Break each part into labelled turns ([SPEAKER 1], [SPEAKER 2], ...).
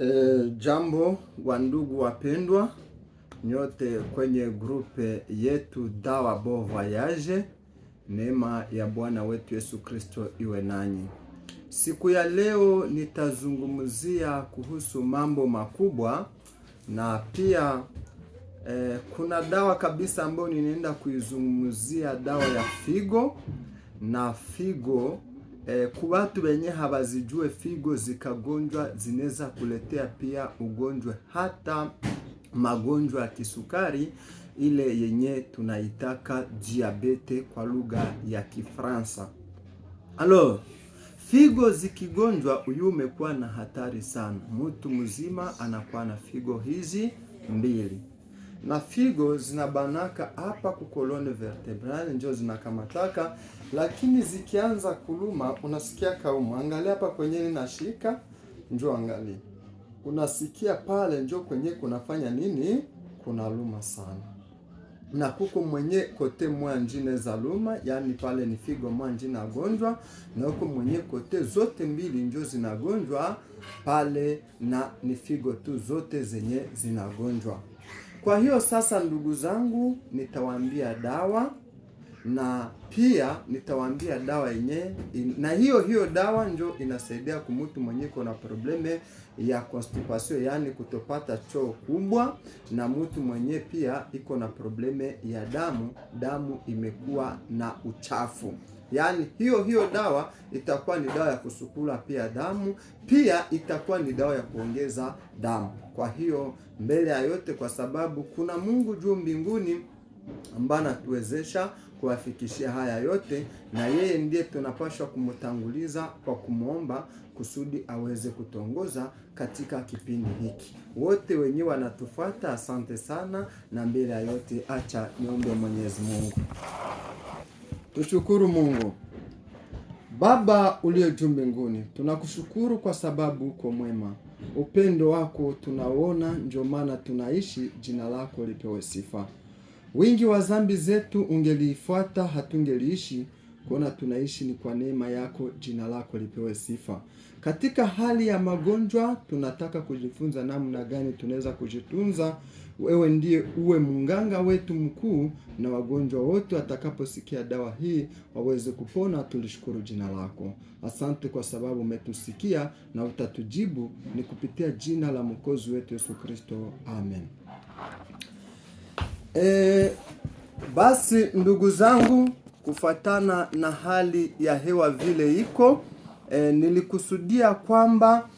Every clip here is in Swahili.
[SPEAKER 1] E, jambo wa ndugu wapendwa nyote kwenye grupe yetu Dawa Bon Voyage, neema ya Bwana wetu Yesu Kristo iwe nanyi. Siku ya leo nitazungumzia kuhusu mambo makubwa na pia e, kuna dawa kabisa ambayo ninaenda kuizungumzia, dawa ya figo na figo E, eh, kwa watu wenye hawazijue figo zikagonjwa zinaweza kuletea pia ugonjwa hata magonjwa ya kisukari ile yenye tunaitaka diabete kwa lugha ya Kifaransa. Alo, figo zikigonjwa, huyu umekuwa na hatari sana. Mtu mzima anakuwa na figo hizi mbili na figo zinabanaka hapa ku colonne vertebrale, ndio zinakamataka, lakini zikianza kuluma unasikia kauma. Angalia hapa kwenye ninashika, ndio angalia, unasikia pale, ndio kwenye kunafanya nini, kunaluma sana na kuko mwenye kote njine za luma, yani pale ni figo mwanjine agonjwa, na huko mwenye kote zote mbili njo zinagonjwa pale, na ni figo tu zote zenye zinagonjwa. Kwa hiyo sasa, ndugu zangu, nitawaambia dawa na pia nitawaambia dawa yenyewe, na hiyo hiyo dawa njo inasaidia kumutu mwenye iko na probleme ya constipation, yaani kutopata choo kubwa, na mtu mwenye pia iko na probleme ya damu, damu imekuwa na uchafu Yaani hiyo hiyo dawa itakuwa ni dawa ya kusukula pia damu, pia itakuwa ni dawa ya kuongeza damu. Kwa hiyo mbele ya yote, kwa sababu kuna Mungu juu mbinguni ambaye anatuwezesha kuwafikishia haya yote, na yeye ndiye tunapaswa kumtanguliza kwa kumwomba kusudi aweze kutongoza katika kipindi hiki. Wote wenyewe wanatufuata. Asante sana, na mbele ya yote, acha niombe Mwenyezi Mungu. Tushukuru Mungu Baba uliye juu mbinguni, tunakushukuru kwa sababu uko mwema, upendo wako tunauona, ndio maana tunaishi. Jina lako lipewe sifa. Wingi wa dhambi zetu ungeliifuata hatungeliishi. Kuona tunaishi ni kwa neema yako, jina lako lipewe sifa. Katika hali ya magonjwa, tunataka kujifunza namna gani tunaweza kujitunza. Wewe ndiye uwe munganga wetu mkuu, na wagonjwa wote watakaposikia dawa hii waweze kupona. Tulishukuru jina lako, asante kwa sababu umetusikia na utatujibu, ni kupitia jina la mwokozi wetu Yesu Kristo, amen. E, basi ndugu zangu, kufuatana na hali ya hewa vile iko e, nilikusudia kwamba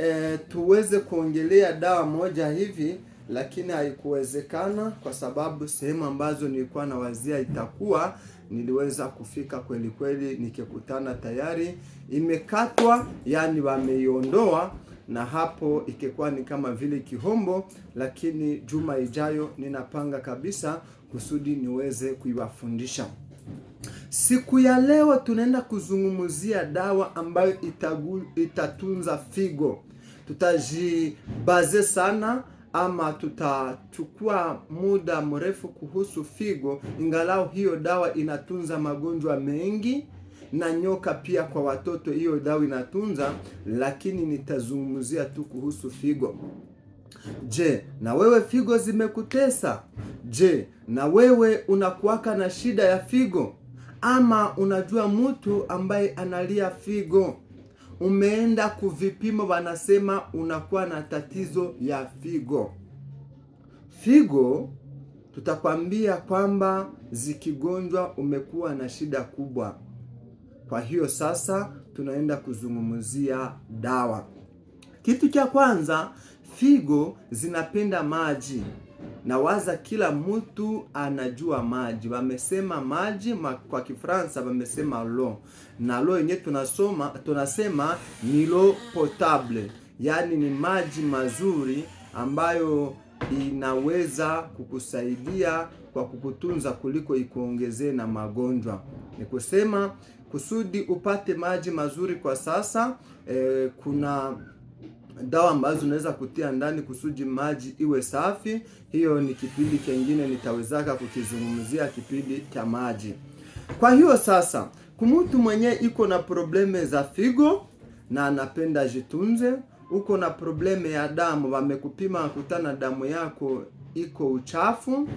[SPEAKER 1] e, tuweze kuongelea dawa moja hivi, lakini haikuwezekana kwa sababu sehemu ambazo nilikuwa na wazia itakuwa niliweza kufika kweli kweli, nikikutana tayari imekatwa, yani wameiondoa na hapo ikikuwa ni kama vile kihombo, lakini juma ijayo ninapanga kabisa kusudi niweze kuiwafundisha. Siku ya leo tunaenda kuzungumzia dawa ambayo itagu, itatunza figo. Tutajibaze sana ama tutachukua muda mrefu kuhusu figo, ingalau hiyo dawa inatunza magonjwa mengi na nyoka pia kwa watoto, hiyo dawa inatunza, lakini nitazungumzia tu kuhusu figo. Je, na wewe figo zimekutesa? Je, na wewe unakuwaka na shida ya figo? Ama unajua mtu ambaye analia figo, umeenda kuvipima, wanasema unakuwa na tatizo ya figo. Figo tutakwambia kwamba zikigonjwa, umekuwa na shida kubwa. Kwa hiyo sasa tunaenda kuzungumzia dawa. Kitu cha kwanza, figo zinapenda maji. Nawaza kila mtu anajua maji, wamesema maji ma, kwa Kifaransa wamesema lo, na lo yenye tunasoma tunasema ni lo potable, yaani ni maji mazuri ambayo inaweza kukusaidia kwa kukutunza kuliko ikuongezee na magonjwa. Ni kusema kusudi upate maji mazuri kwa sasa e, kuna dawa ambazo unaweza kutia ndani kusudi maji iwe safi. Hiyo ni kipindi kingine nitawezaka kukizungumzia kipindi cha maji. Kwa hiyo sasa, kumutu mwenye iko na probleme za figo na anapenda jitunze, uko na probleme ya damu, wamekupima wakutana damu yako iko uchafu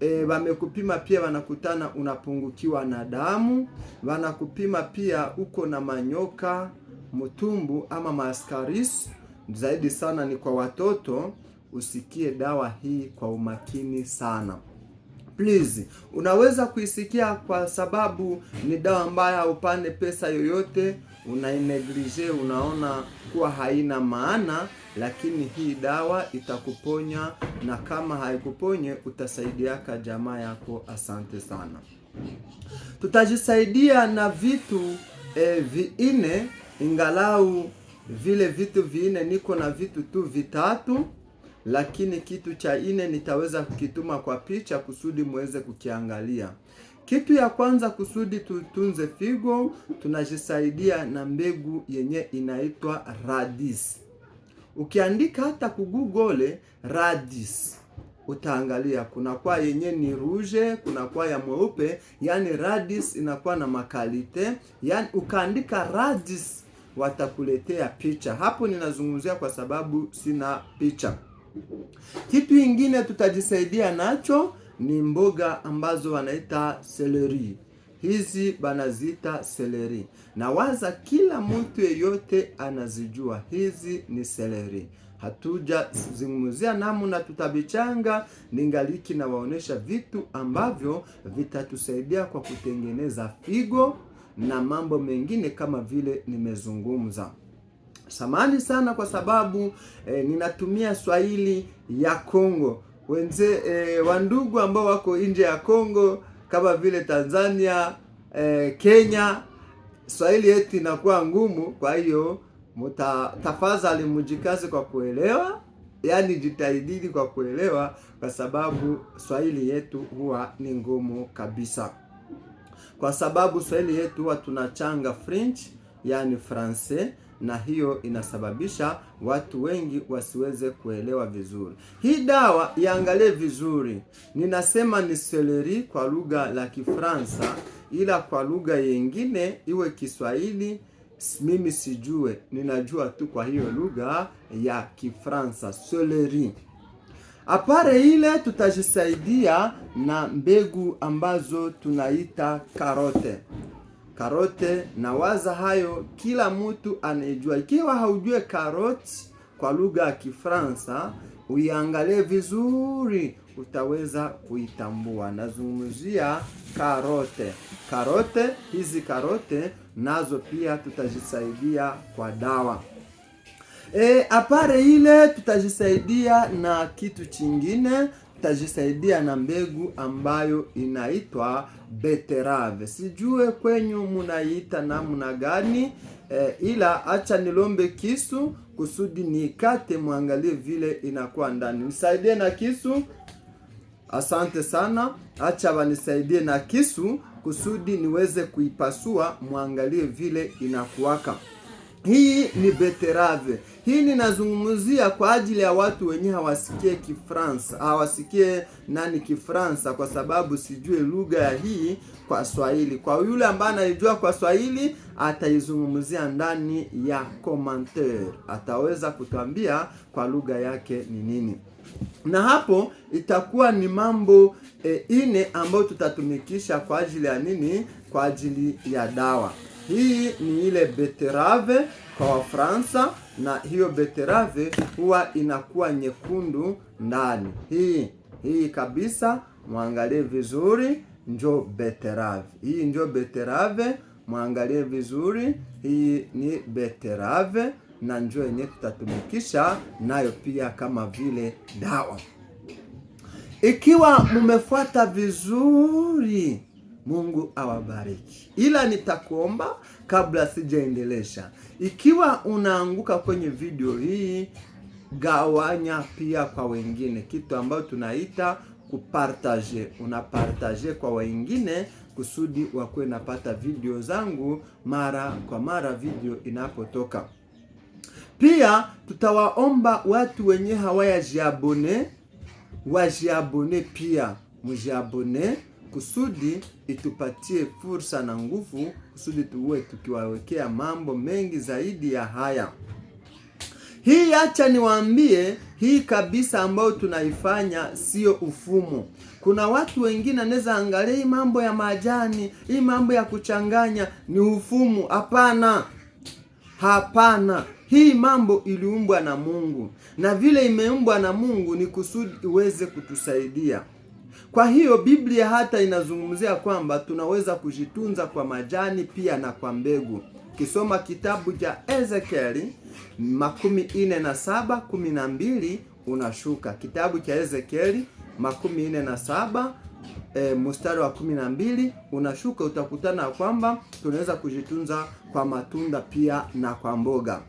[SPEAKER 1] E, wamekupima pia wanakutana unapungukiwa na damu, wanakupima pia uko na manyoka mtumbu ama mascaris. Zaidi sana ni kwa watoto. Usikie dawa hii kwa umakini sana please. Unaweza kuisikia kwa sababu ni dawa ambayo haupane pesa yoyote, unaineglige, unaona kuwa haina maana lakini hii dawa itakuponya, na kama haikuponye utasaidiaka jamaa yako. Asante sana. Tutajisaidia na vitu e, eh, viine ingalau vile vitu viine niko na vitu tu vitatu, lakini kitu cha ine nitaweza kukituma kwa picha kusudi muweze kukiangalia. Kitu ya kwanza kusudi tutunze figo, tunajisaidia na mbegu yenye inaitwa radis. Ukiandika hata ku Google radis utaangalia kuna kwa yenye ni ruje, kuna kwa ya mweupe, yani radis inakuwa na makalite. Yani ukaandika radis watakuletea picha. Hapo ninazungumzia kwa sababu sina picha. Kitu ingine tutajisaidia nacho ni mboga ambazo wanaita seleri hizi banazita seleri, na waza kila mtu yeyote anazijua hizi ni seleri. Hatuja zungumzia namna tutabichanga, ningaliki na waonesha vitu ambavyo vitatusaidia kwa kutengeneza figo na mambo mengine kama vile nimezungumza. Samani sana kwa sababu eh, ninatumia Swahili ya Kongo wenze eh, wandugu ambao wako nje ya Kongo kama vile Tanzania eh, Kenya, Swahili yetu inakuwa ngumu. Kwa hiyo mta, tafadhali mjikaze kwa kuelewa, yaani jitahidini kwa kuelewa, kwa sababu Swahili yetu huwa ni ngumu kabisa, kwa sababu Swahili yetu huwa tunachanga French, yaani Francais na hiyo inasababisha watu wengi wasiweze kuelewa vizuri. Hii dawa iangalie vizuri, ninasema ni seleri kwa lugha la Kifaransa, ila kwa lugha yengine iwe Kiswahili mimi sijue, ninajua tu kwa hiyo lugha ya Kifaransa seleri. Apare ile tutajisaidia na mbegu ambazo tunaita karote karote na waza hayo kila mtu anejua. Ikiwa haujue karote kwa lugha ya Kifaransa, uiangalie vizuri, utaweza kuitambua. Nazungumzia karote. Karote hizi karote nazo pia tutajisaidia kwa dawa. E, apare ile tutajisaidia na kitu chingine tajisaidia na mbegu ambayo inaitwa beterave. Sijue kwenyu mnaiita namna gani e, ila acha nilombe kisu kusudi nikate, mwangalie vile inakuwa ndani. Nisaidie na kisu, asante sana. Acha wanisaidie na kisu kusudi niweze kuipasua, mwangalie vile inakuwaka. Hii ni beterave. Hii ninazungumzia kwa ajili ya watu wenye hawasikie Kifransa, hawasikie nani Kifransa, kwa sababu sijue lugha ya hii kwa Swahili. Kwa yule ambaye anaijua kwa Swahili ataizungumzia ndani ya commentaire, ataweza kutuambia kwa lugha yake ni nini, na hapo itakuwa ni mambo e, ine ambayo tutatumikisha kwa ajili ya nini, kwa ajili ya dawa. Hii ni ile beterave kwa Wafransa, na hiyo beterave huwa inakuwa nyekundu ndani. Hii hii kabisa, mwangalie vizuri, njo beterave. Hii njo beterave, mwangalie vizuri, hii ni beterave na njo yenye tutatumikisha nayo pia kama vile dawa, ikiwa mumefuata vizuri Mungu awabariki. Ila nitakuomba kabla sijaendelesha, ikiwa unaanguka kwenye video hii, gawanya pia kwa wengine, kitu ambayo tunaita kupartage. Unapartage kwa wengine kusudi wakuwe napata video zangu mara kwa mara video inapotoka. Pia tutawaomba watu wenye jiabone wajiabone, pia mujiabone kusudi itupatie fursa na nguvu, kusudi tuwe tukiwawekea mambo mengi zaidi ya haya. Hii acha niwaambie, hii kabisa ambayo tunaifanya sio ufumo. Kuna watu wengine anaweza angalia hii mambo ya majani, hii mambo ya kuchanganya ni ufumu. Hapana, hapana. Hii mambo iliumbwa na Mungu, na vile imeumbwa na Mungu ni kusudi iweze kutusaidia. Kwa hiyo Biblia hata inazungumzia kwamba tunaweza kujitunza kwa majani pia na kwa mbegu. Kisoma kitabu cha ja Ezekieli makumi ine na saba kumi na mbili unashuka kitabu cha ja Ezekieli makumi ine na saba e, mstari wa kumi na mbili unashuka, utakutana kwamba tunaweza kujitunza kwa matunda pia na kwa mboga.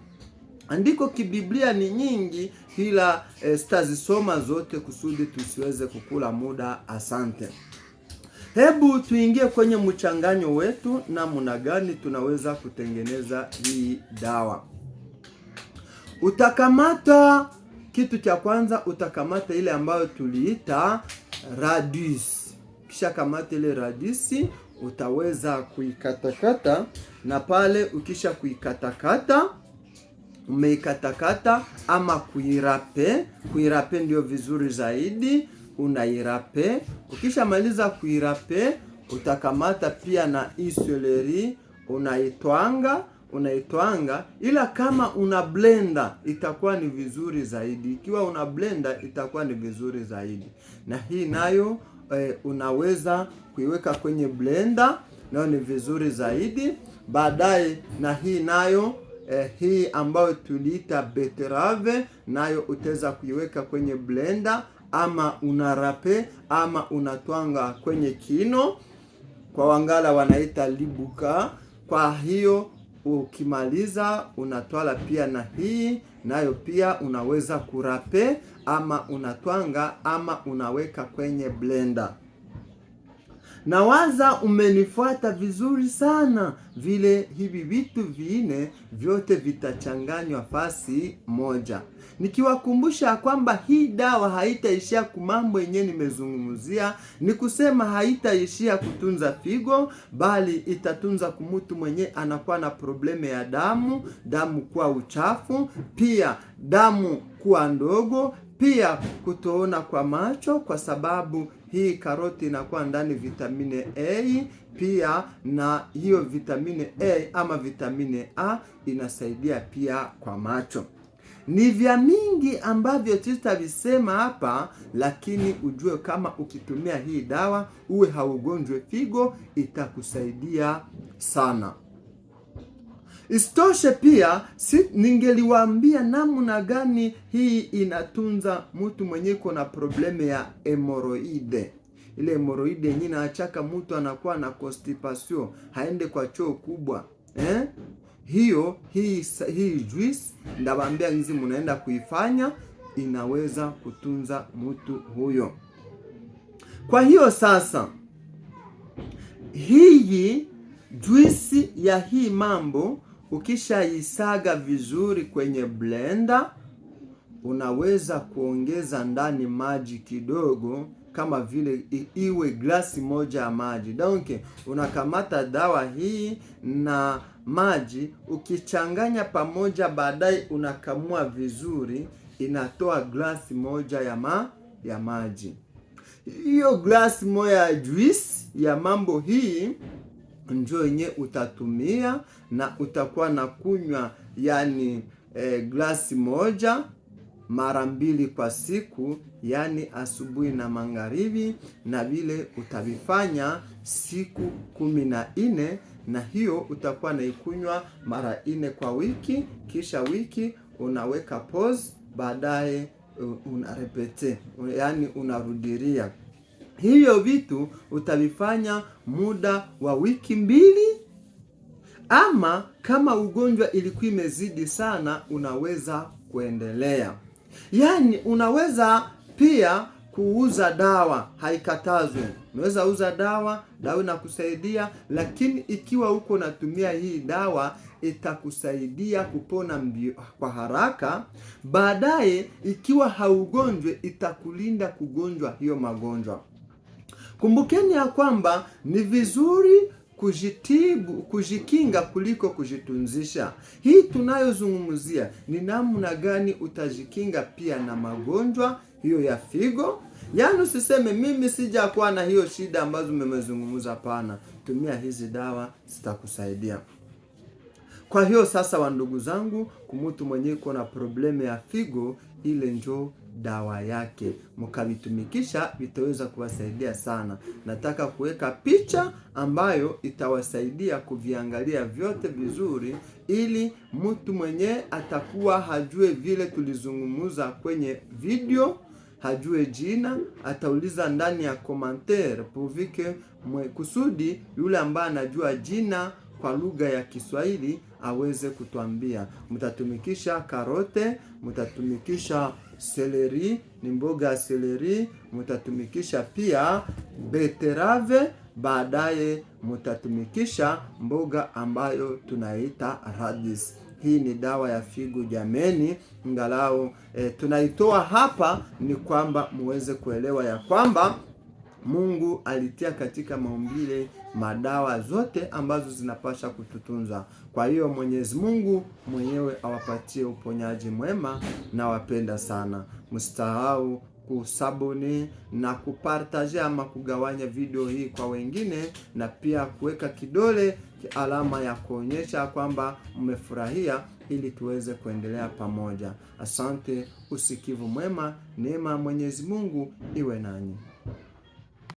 [SPEAKER 1] Andiko kibiblia ni nyingi, ila e, sitazisoma zote kusudi tusiweze kukula muda. Asante. Hebu tuingie kwenye mchanganyo wetu, namna gani tunaweza kutengeneza hii dawa. Utakamata kitu cha kwanza, utakamata ile ambayo tuliita eh, radis. Kisha kamata ile radisi, utaweza kuikatakata na pale ukisha kuikatakata umeikatakata ama kuirape. Kuirape ndio vizuri zaidi, unairape. Ukishamaliza kuirape, utakamata pia na isoleri unaitwanga unaitwanga ila kama una blender itakuwa ni vizuri zaidi. Ikiwa una blender itakuwa ni vizuri zaidi. Na hii nayo e, unaweza kuiweka kwenye blender nayo ni vizuri zaidi. Baadaye na hii nayo eh, hii ambayo tuliita beterave, nayo utaweza kuiweka kwenye blender ama unarape ama unatwanga kwenye kino, kwa Wangala wanaita libuka. Kwa hiyo ukimaliza unatwala pia na hii nayo pia unaweza kurape ama unatwanga ama unaweka kwenye blender na waza umenifuata vizuri sana vile hivi vitu vine vyote vitachanganywa fasi moja, nikiwakumbusha kwamba hii dawa haitaishia kumambo yenyewe nimezungumzia. Ni kusema haitaishia kutunza figo, bali itatunza kumutu mwenye anakuwa na probleme ya damu, damu kuwa uchafu, pia damu kuwa ndogo pia kutoona kwa macho, kwa sababu hii karoti inakuwa ndani vitamini A, pia na hiyo vitamini A ama vitamini A inasaidia pia kwa macho. Ni vya mingi ambavyo tutavisema hapa, lakini ujue kama ukitumia hii dawa uwe haugonjwe figo, itakusaidia sana. Isitoshe pia si ningeliwaambia namna gani hii inatunza mtu mwenye iko na probleme ya hemoroide. Ile hemoroide yenyewe inaachaka mtu anakuwa na constipation, haende kwa choo kubwa eh? Hiyo hii hii juice ndawaambia nzi mnaenda kuifanya inaweza kutunza mtu huyo. Kwa hiyo sasa hii juisi ya hii mambo Ukishaisaga vizuri kwenye blender, unaweza kuongeza ndani maji kidogo, kama vile iwe glasi moja ya maji. Donc unakamata dawa hii na maji, ukichanganya pamoja, baadaye unakamua vizuri, inatoa glasi moja ya ma, ya maji. Hiyo glasi moja ya juice ya mambo hii njoo yenye utatumia na utakuwa na kunywa yani e, glasi moja mara mbili kwa siku, yani asubuhi na magharibi, na vile utavifanya siku kumi na nne na hiyo utakuwa naikunywa mara nne kwa wiki, kisha wiki unaweka pause, baadaye eh, unarepete, yani unarudiria. Hivyo vitu utavifanya muda wa wiki mbili, ama kama ugonjwa ilikuwa imezidi sana, unaweza kuendelea. Yaani unaweza pia kuuza dawa, haikatazwi. Unaweza uza dawa, dawa inakusaidia, lakini ikiwa huko unatumia hii dawa itakusaidia kupona mbio kwa haraka. Baadaye ikiwa haugonjwe, itakulinda kugonjwa hiyo magonjwa. Kumbukeni ya kwamba ni vizuri kujitibu, kujikinga kuliko kujitunzisha. Hii tunayozungumzia ni namna gani utajikinga pia na magonjwa hiyo ya figo. Yaani usiseme mimi sijakuwa na hiyo shida ambazo mmezungumza, pana Tumia hizi dawa zitakusaidia. Kwa hiyo sasa, wa ndugu zangu, kumutu mwenyewe iko na problemu ya figo ile, njoo dawa yake, mkavitumikisha vitaweza kuwasaidia sana. Nataka kuweka picha ambayo itawasaidia kuviangalia vyote vizuri, ili mtu mwenyewe atakuwa hajue vile tulizungumza kwenye video hajue jina, atauliza ndani ya komantere puvike mwe, kusudi yule ambaye anajua jina kwa lugha ya Kiswahili aweze kutuambia. Mtatumikisha karote, mtatumikisha seleri, ni mboga ya seleri, mtatumikisha pia beterave, baadaye mtatumikisha mboga ambayo tunaita radis. Hii ni dawa ya figo jameni, ngalau e, eh, tunaitoa hapa ni kwamba muweze kuelewa ya kwamba Mungu alitia katika maumbile madawa zote ambazo zinapasha kututunza. Kwa hiyo Mwenyezi Mungu mwenyewe awapatie uponyaji mwema na wapenda sana. Msisahau kusabuni na kupartaje ama kugawanya video hii kwa wengine, na pia kuweka kidole alama ya kuonyesha kwamba mmefurahia, ili tuweze kuendelea pamoja. Asante, usikivu mwema, neema ya Mwenyezi Mungu iwe nanyi.